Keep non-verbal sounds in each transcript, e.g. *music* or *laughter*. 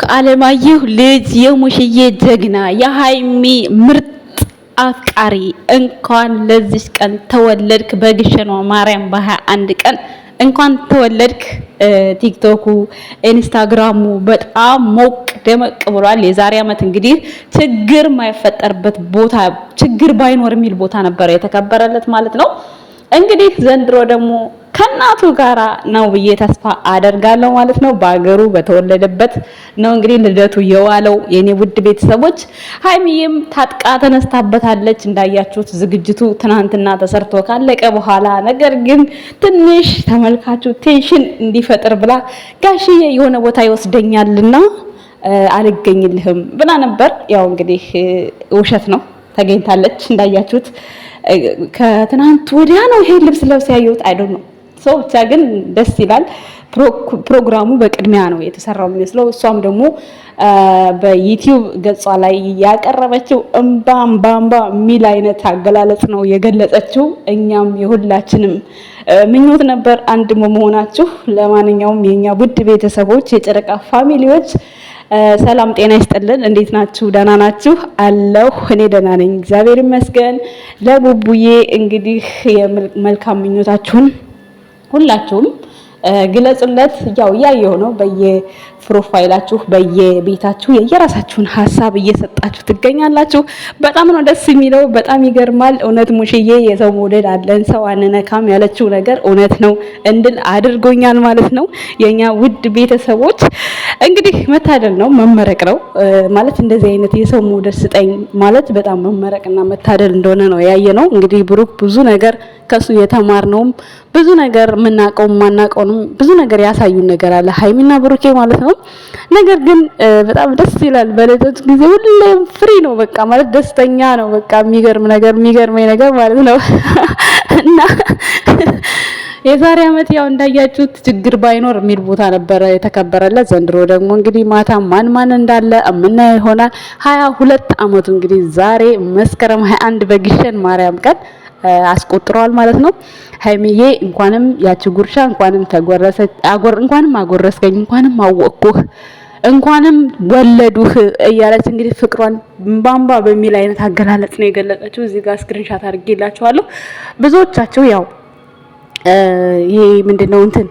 ብሩክ አለማየሁ ልጅ የሙሽዬ ጀግና የሀይሚ ምርጥ አፍቃሪ እንኳን ለዚች ቀን ተወለድክ። በግሸኗ ማርያም በሃያ አንድ ቀን እንኳን ተወለድክ። ቲክቶኩ ኢንስታግራሙ በጣም ሞቅ ደመቅ ብሏል። የዛሬ ዓመት እንግዲህ ችግር ማይፈጠርበት ቦታ ችግር ባይኖር የሚል ቦታ ነበረ የተከበረለት ማለት ነው። እንግዲህ ዘንድሮ ደግሞ ከእናቱ ጋራ ነው ብዬ ተስፋ አደርጋለሁ ማለት ነው። በአገሩ በተወለደበት ነው እንግዲህ ልደቱ የዋለው። የኔ ውድ ቤተሰቦች ሀይሚዬም ታጥቃ ተነስታበታለች። እንዳያችሁት ዝግጅቱ ትናንትና ተሰርቶ ካለቀ በኋላ ነገር ግን ትንሽ ተመልካቹ ቴንሽን እንዲፈጥር ብላ ጋሽዬ የሆነ ቦታ ይወስደኛልና አልገኝልህም ብላ ነበር። ያው እንግዲህ ውሸት ነው፣ ተገኝታለች። እንዳያችሁት ከትናንት ወዲያ ነው ይሄ ልብስ ለብስ ያየሁት ዶንት ነው ሰው ብቻ ግን ደስ ይላል። ፕሮግራሙ በቅድሚያ ነው የተሰራው የሚመስለው። እሷም ደግሞ በዩቲዩብ ገጿ ላይ ያቀረበችው እምባ እምባ እምባ የሚል አይነት አገላለጽ ነው የገለጸችው። እኛም የሁላችንም ምኞት ነበር አንድ መሆናችሁ። ለማንኛውም የኛ ውድ ቤተሰቦች የጨረቃ ፋሚሊዎች ሰላም ጤና ይስጥልን። እንዴት ናችሁ? ደህና ናችሁ? አለሁ እኔ ደህና ነኝ፣ እግዚአብሔር ይመስገን። ለቡቡዬ እንግዲህ መልካም ምኞታችሁን ሁላችሁም ግለጹለት። ያው እያየሁ ነው በየ ፕሮፋይላችሁ በየቤታችሁ የየራሳችሁን ሀሳብ እየሰጣችሁ ትገኛላችሁ። በጣም ነው ደስ የሚለው፣ በጣም ይገርማል። እውነት ሙሽዬ የሰው መውደድ አለን ሰው አንነካም ያለችው ነገር እውነት ነው እንድል አድርጎኛል ማለት ነው። የኛ ውድ ቤተሰቦች እንግዲህ መታደል ነው መመረቅ ነው ማለት እንደዚህ አይነት የሰው መውደድ ስጠኝ ማለት በጣም መመረቅና መታደል እንደሆነ ነው ያየ ነው። እንግዲህ ብሩክ ብዙ ነገር ከሱ የተማርነውም ብዙ ነገር የምናውቀውም ማናውቀውንም ብዙ ነገር ያሳዩን ነገር አለ ሀይሚና ብሩኬ ማለት ነው። ነገር ግን በጣም ደስ ይላል። በልደቱ ጊዜ ሁሌም ፍሪ ነው በቃ ማለት ደስተኛ ነው በቃ የሚገርም ነገር የሚገርመኝ ነገር ማለት ነው *laughs* እና የዛሬ ዓመት ያው እንዳያችሁት ችግር ባይኖር የሚል ቦታ ነበረ የተከበረለት። ዘንድሮ ደግሞ እንግዲህ ማታ ማን ማን እንዳለ የምናየው ይሆናል። ሀያ ሁለት ዓመቱ እንግዲህ ዛሬ መስከረም 21 በግሸን ማርያም ቀን አስቆጥሯል ማለት ነው። ሀይሚዬ እንኳንም ያቺ ጉርሻ እንኳንም ተጎረሰ አጎር እንኳንም አጎረስከኝ እንኳንም አወቅኩህ እንኳንም ወለዱህ እያለች እንግዲህ ፍቅሯን ባምባ በሚል አይነት አገላለጽ ነው የገለጸችው። እዚህ ጋር ስክሪንሻት አድርጌላችኋለሁ። ብዙዎቻችሁ ያው ይሄ ምንድነው እንትን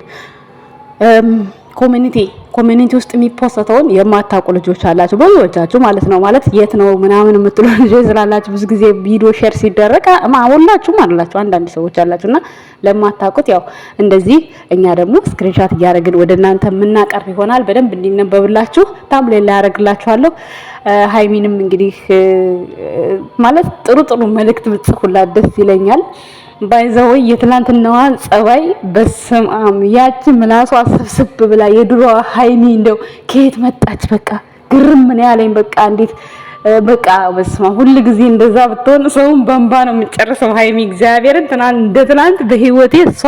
ኮሚኒቲ ኮሚኒቲ ውስጥ የሚፖሰተውን የማታውቁ ልጆች አላችሁ ብዙዎቻችሁ ማለት ነው። ማለት የት ነው ምናምን የምትሉ ልጆች ስላላችሁ ብዙ ጊዜ ቪዲዮ ሼር ሲደረግ ሁላችሁም አላችሁ አንዳንድ ሰዎች አላችሁ እና ለማታውቁት ያው እንደዚህ እኛ ደግሞ ስክሪንሻት እያደረግን ወደ እናንተ የምናቀርብ ይሆናል። በደንብ እንዲነበብላችሁ ታም ላይ ያደርግላችኋለሁ። ሀይሚንም እንግዲህ ማለት ጥሩ ጥሩ መልእክት ብጽፉላት ደስ ይለኛል። ባይዘወይ የትላንትናዋ ጸባይ በስም ያቺ ምላሷ ስብስብ ብላ የድሮዋ ሀይሚ እንደው ከየት መጣች? በቃ ግርም ምን ያለኝ በቃ እንዴት በቃ በስማ ሁል ጊዜ እንደዛ ብትሆን ሰውን በእንባ ነው የምጨርሰው። ሀይሚ እግዚአብሔርን እንደ ትናንት በህይወቴ እሷ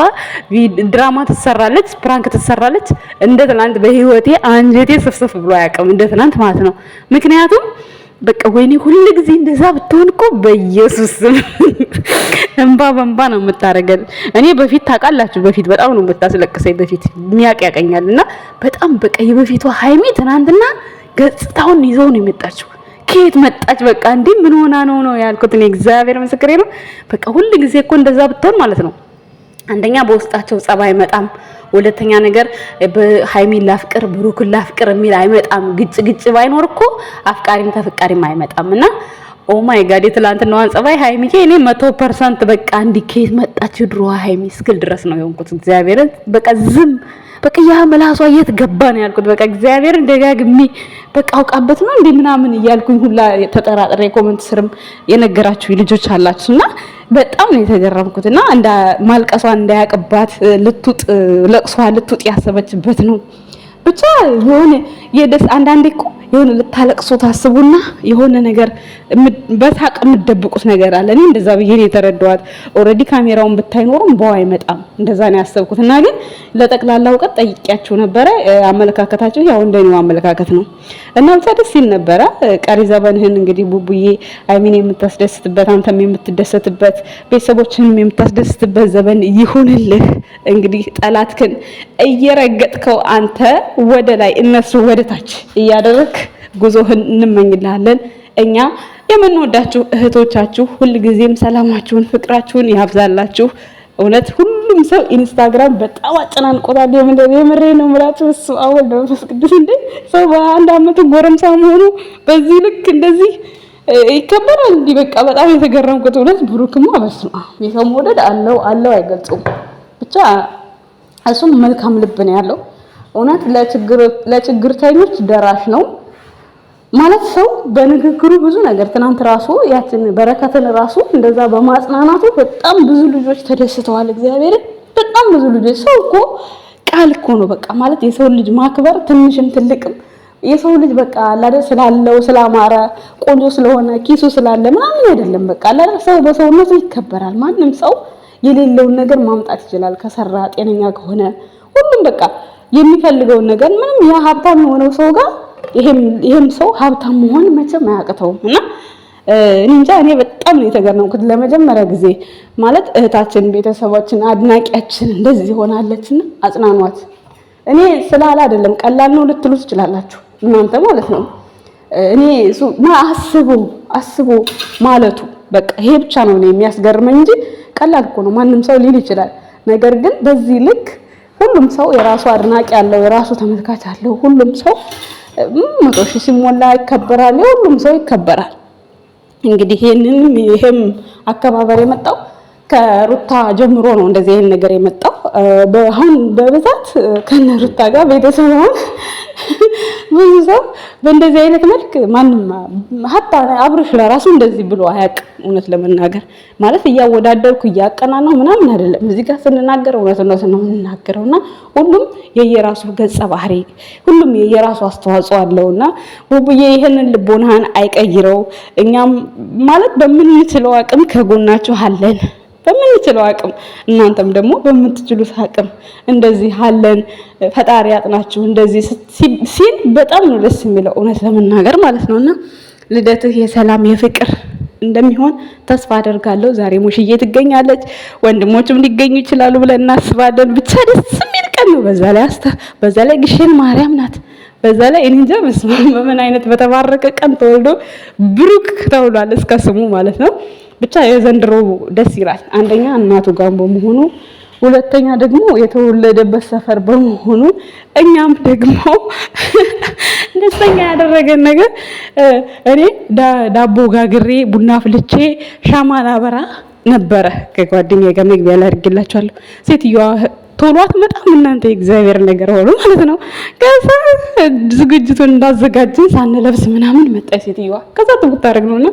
ድራማ ትሰራለች፣ ፕራንክ ትሰራለች። እንደ ትናንት በህይወቴ አንጀቴ ስፍስፍ ብሎ አያውቅም፣ እንደ ትናንት ማለት ነው ምክንያቱም በቃ ወይኔ ሁሉ ጊዜ እንደዛ ብትሆን እኮ በኢየሱስ እንባ በእንባ ነው የምታረገን። እኔ በፊት ታውቃላችሁ፣ በፊት በጣም ነው የምታስለቅሰኝ። በፊት ሚያቅ ያቀኛል እና በጣም በቃ የበፊቷ ሀይሚ ትናንትና ገጽታውን ይዘው ነው የመጣችው። ከየት መጣች? በቃ እንዴ ምን ሆና ነው ነው ያልኩት እኔ። እግዚአብሔር ምስክሬ ነው። በቃ ሁሉ ጊዜ እኮ እንደዛ ብትሆን ማለት ነው አንደኛ በውስጣቸው ጸባይ መጣም ሁለተኛ ነገር ሃይሚን ላፍቅር ብሩክን ላፍቅር የሚል አይመጣም። ግጭ ግጭ ባይኖር እኮ አፍቃሪም ተፈቃሪም አይመጣም እና ኦ ማይ ጋድ የትላንትናዋን ጸባይ ሃይሚዬ እኔ መቶ ፐርሰንት በቃ እንዲህ ከየት መጣች ድሮ ሃይሚ እስክል ድረስ ነው የሆንኩት። እግዚአብሔርን በቃ ዝም በቃ ያ ምላሷ የት ገባ ነው ያልኩት። በቃ እግዚአብሔርን ደጋግሜ በቃ አውቃበት ነው እንዴ ምናምን እያልኩኝ ሁላ ተጠራጥሬ ኮመንት ስርም የነገራችሁ ልጆች አላችሁና በጣም ነው የተገረምኩት። እና እንደ ማልቀሷ እንዳያቅባት ልትውጥ ለቅሷ ልትውጥ ያሰበችበት ነው ብቻ የሆነ የደስ አንዳንዴ እኮ የሆነ ልታለቅሱ ታስቡና የሆነ ነገር በሳቅ የምትደብቁት ነገር አለ። እኔ እንደዛ ብዬ ነው የተረዳኋት። ኦልሬዲ ካሜራውን ብታይኖሩም በው አይመጣም። እንደዛ ነው ያሰብኩት እና ግን ለጠቅላላ እውቀት ጠይቂያቸው ነበረ። አመለካከታቸው ያው እንደኔው አመለካከት ነው እና ብቻ ደስ ይል ነበረ። ቀሪ ዘመንህን እንግዲህ ቡቡዬ አይሚን የምታስደስትበት፣ አንተም የምትደሰትበት፣ ቤተሰቦችንም የምታስደስትበት ዘመን ይሁንልህ። እንግዲህ ጠላትክን እየረገጥከው አንተ ወደ ወደ ላይ እነሱ ወደ ታች እያደረግ ጉዞህን እንመኝልሃለን። እኛ የምንወዳችሁ እህቶቻችሁ ሁልጊዜም ሰላማችሁን፣ ፍቅራችሁን ያብዛላችሁ። እውነት ሁሉም ሰው ኢንስታግራም በጣም አጨናንቆታል። የምንደር የምሬ ነው ምላችሁ እሱ አሁን በመንፈስ ቅዱስ እንደ ሰው በአንድ አመቱ ጎረምሳ መሆኑ በዚህ ልክ እንደዚህ ይከበራል። እንዲህ በቃ በጣም የተገረምኩት እውነት ብሩክማ በስመ አብ የሰው መውደድ አለው አለው አይገልጹም። ብቻ እሱም መልካም ልብ ነው ያለው። እውነት ለችግርተኞች ደራሽ ነው ማለት ሰው በንግግሩ ብዙ ነገር ትናንት ራሱ ያችን በረከትን ራሱ እንደዛ በማጽናናቱ በጣም ብዙ ልጆች ተደስተዋል። እግዚአብሔርን በጣም ብዙ ልጆች ሰው እኮ ቃል እኮ ነው በቃ ማለት የሰው ልጅ ማክበር ትንሽም ትልቅም የሰው ልጅ በቃ አይደል ስላለው ስላማረ ቆንጆ ስለሆነ ኪሱ ስላለ ምናምን አይደለም። በቃ አይደል ሰው በሰውነቱ ይከበራል። ማንም ሰው የሌለውን ነገር ማምጣት ይችላል ከሰራ ጤነኛ ከሆነ ሁሉም በቃ የሚፈልገውን ነገር ምንም ያ ሀብታም የሆነው ሰው ጋር ይሄም ሰው ሀብታም መሆን መቼም አያቅተውም እና እንጃ እኔ በጣም ነው የተገረምኩት ለመጀመሪያ ጊዜ ማለት እህታችን፣ ቤተሰባችን፣ አድናቂያችን እንደዚህ ሆናለችና አጽናኗት። እኔ ስላለ አይደለም ቀላል ነው ልትሉ ትችላላችሁ እናንተ ማለት ነው። እኔ እሱ አስቦ አስቦ ማለቱ በቃ ይሄ ብቻ ነው የሚያስገርመኝ እንጂ ቀላል እኮ ነው ማንም ሰው ሊል ይችላል። ነገር ግን በዚህ ልክ ሁሉም ሰው የራሱ አድናቂ አለው፣ የራሱ ተመልካች አለው። ሁሉም ሰው መቶ ሺህ ሲሞላ ይከበራል፣ የሁሉም ሰው ይከበራል። እንግዲህ ይሄንንም ይሄም አከባበር የመጣው ከሩታ ጀምሮ ነው። እንደዚህ ይሄን ነገር የመጣው አሁን በብዛት ከነ ሩታ ጋር ቤተሰብ አሁን ብዙ ሰው በእንደዚህ አይነት መልክ ማንም ሀታ አብርሽ ለራሱ እንደዚህ ብሎ አያውቅም። እውነት ለመናገር ማለት እያወዳደርኩ ነው ምናምን አይደለም። እዚህ ጋር ስንናገር እውነት ነው የምንናገረው እና ሁሉም የየራሱ ገጸ ባህሪ፣ ሁሉም የየራሱ አስተዋጽኦ አለውና ውብዬ ይህንን ልቦናህን አይቀይረው። እኛም ማለት በምንችለው አቅም ከጎናችሁ አለን። በምንችለው አቅም እናንተም ደግሞ በምትችሉት አቅም እንደዚህ አለን ፈጣሪ ያጥናችሁ እንደዚህ ሲል በጣም ነው ደስ የሚለው እውነት ለመናገር ማለት ነውና ልደትህ የሰላም የፍቅር እንደሚሆን ተስፋ አደርጋለሁ። ዛሬ ሙሽዬ ትገኛለች፣ ወንድሞችም ሊገኙ ይችላሉ ብለን እናስባለን። ብቻ ደስ የሚል ቀን ነው። በዛ ላይ አስተ በዛ ላይ ግሼን ማርያም ናት። በዛ ላይ እንጃ በስመ አብ በምን አይነት በተባረከ ቀን ተወልዶ ብሩክ ተውሏል፣ እስከ ስሙ ማለት ነው። ብቻ የዘንድሮ ደስ ይላል። አንደኛ እናቱ ጋር በመሆኑ፣ ሁለተኛ ደግሞ የተወለደበት ሰፈር በመሆኑ እኛም ደግሞ *laughs* ደስተኛ ያደረገን ነገር እኔ ዳቦ ጋግሬ ቡና ፍልቼ ሻማ ላበራ ነበረ ከጓደኛዬ ጋር መግቢያ ላይ ሴትዮዋ ቶሎ አትመጣም እናንተ የእግዚአብሔር ነገር ሆኖ ማለት ነው። ከዛ ዝግጅቱን እንዳዘጋጅን ሳንለብስ ምናምን መጣ ሴትዮዋ። ከዛ ትውት ታደርግ ነውና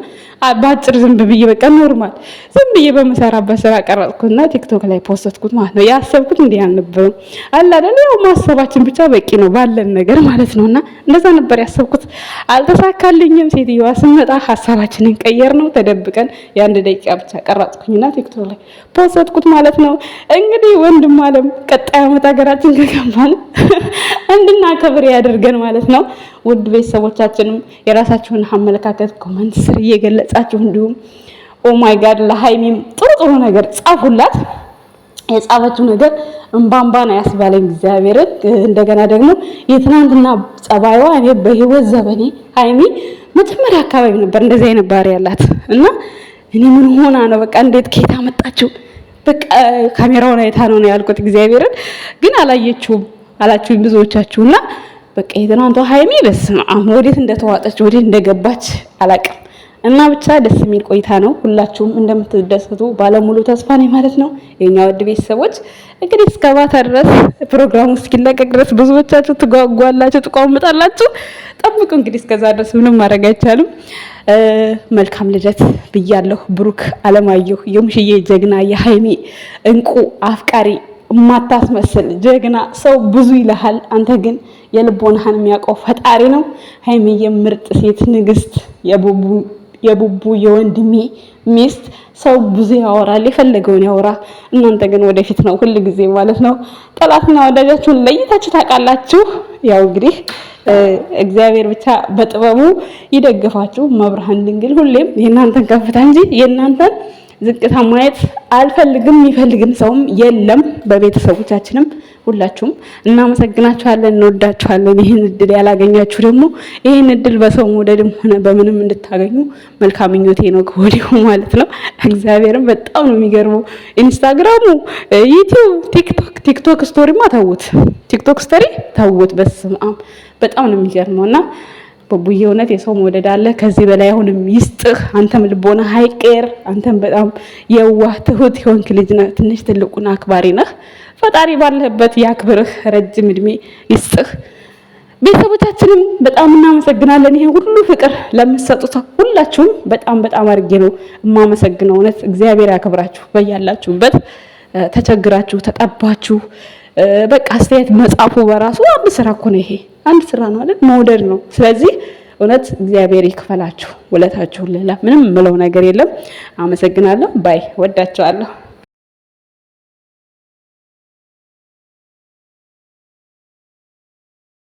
በአጭር ዝም ብዬ በቃ ኖርማል ዝም ብዬ በምሰራበት ስራ ቀረጽኩትና ቲክቶክ ላይ ፖስትኩት ማለት ነው። ያሰብኩት እንዲህ አልነበረም አለ ያው ማሰባችን ብቻ በቂ ነው ባለን ነገር ማለት ነውና እንደዛ ነበር ያሰብኩት። አልተሳካልኝም። ሴትዮዋ ስመጣ ሀሳባችንን ቀየር ነው ተደብቀን የአንድ ደቂቃ ብቻ ቀረጥኩኝና ቲክቶክ ላይ ፖስትኩት ማለት ነው። እንግዲህ ወንድም አለም ቀጣይ ዓመት ሀገራችን ከገባን እንድናከብር ያደርገን ማለት ነው። ውድ ቤተሰቦቻችንም የራሳችሁን አመለካከት ኮመንት ስር እየገለጻችሁ እንዲሁም ኦማይ ጋድ ለሀይሚም ጥሩ ጥሩ ነገር ጻፉላት። የጻፈችው ነገር እምባምባን ያስባለኝ እግዚአብሔርን። እንደገና ደግሞ የትናንትና ጸባይዋ እኔ በህይወት ዘመኔ ሀይሚ መጀመሪያ አካባቢ ነበር እንደዚህ አይነት ባህሪ ያላት እና እኔ ምን ሆና ነው በቃ እንዴት ከየት አመጣችው በቃ ካሜራውን አይታ ነው ያልኩት። እግዚአብሔርን ግን አላየችውም አላችሁኝ ብዙዎቻችሁና በቃ የትናንቷ ሀይሚ በስመ አብ ወዴት እንደተዋጠች ወዴት እንደገባች አላቅም። እና ብቻ ደስ የሚል ቆይታ ነው። ሁላችሁም እንደምትደሰቱ ባለሙሉ ተስፋ ነኝ ማለት ነው። የኛ ውድ ቤተሰቦች እንግዲህ እስከ ማታ ድረስ ፕሮግራሙ እስኪለቀቅ ድረስ ብዙዎቻችሁ ትጓጓላችሁ፣ ትቋምጣላችሁ። ጠብቁ እንግዲህ እስከዛ ድረስ ምንም ማድረግ አይቻልም። መልካም ልደት ብያለሁ። ብሩክ አለማየሁ የሙሽዬ ጀግና፣ የሀይሚ እንቁ አፍቃሪ ማታስመስል ጀግና ሰው ብዙ ይልሃል። አንተ ግን የልቦናህን የሚያውቀው ፈጣሪ ነው። ሀይሚ የምርጥ ሴት ንግስት የቡቡ የቡቡ የወንድሜ ሚስት ሰው ብዙ ያወራል፣ የፈለገውን ያወራ። እናንተ ግን ወደፊት ነው ሁል ጊዜ ማለት ነው። ጠላትና ወዳጃችሁን ለይታችሁ ታውቃላችሁ። ያው እንግዲህ እግዚአብሔር ብቻ በጥበቡ ይደግፋችሁ። መብርሃን ድንግል ሁሌም የእናንተን ከፍታ እንጂ የእናንተን ዝቅታ ማየት አልፈልግም፣ የሚፈልግም ሰውም የለም። በቤተሰቦቻችንም ሁላችሁም እናመሰግናችኋለን፣ እንወዳችኋለን። ይህን እድል ያላገኛችሁ ደግሞ ይህን እድል በሰው መውደድም ሆነ በምንም እንድታገኙ መልካም ምኞቴ ነው ከወዲሁ *laughs* ማለት ነው። እግዚአብሔርም በጣም ነው የሚገርመው። ኢንስታግራሙ፣ ዩቲዩብ፣ ቲክቶክ ቲክቶክ ስቶሪማ ተውት፣ ቲክቶክ ስቶሪ ተውት። በስመ አብ በጣም ነው የሚገርመው እና በቡዬ እውነት የሰው መውደድ አለ። ከዚህ በላይ አሁንም ይስጥህ። አንተም ልቦነ ሀይቄር አንተም በጣም የዋህ ትሁት የሆንክ ልጅ ነህ። ትንሽ ትልቁን አክባሪ ነህ። ፈጣሪ ባለህበት ያክብርህ፣ ረጅም እድሜ ይስጥህ። ቤተሰቦቻችንም በጣም እናመሰግናለን። ይሄ ሁሉ ፍቅር ለምትሰጡት ሁላችሁም በጣም በጣም አድርጌ ነው የማመሰግነው። እውነት እግዚአብሔር ያክብራችሁ። በያላችሁበት ተቸግራችሁ ተጠባችሁ በቃ አስተያየት መጻፉ በራሱ አንድ ስራ እኮ ነው ይሄ አንድ ስራ ነው አይደል? መውደድ ነው። ስለዚህ እውነት እግዚአብሔር ይክፈላችሁ ውለታችሁን። ሌላ ምንም ምለው ነገር የለም። አመሰግናለሁ። ባይ ወዳችኋለሁ።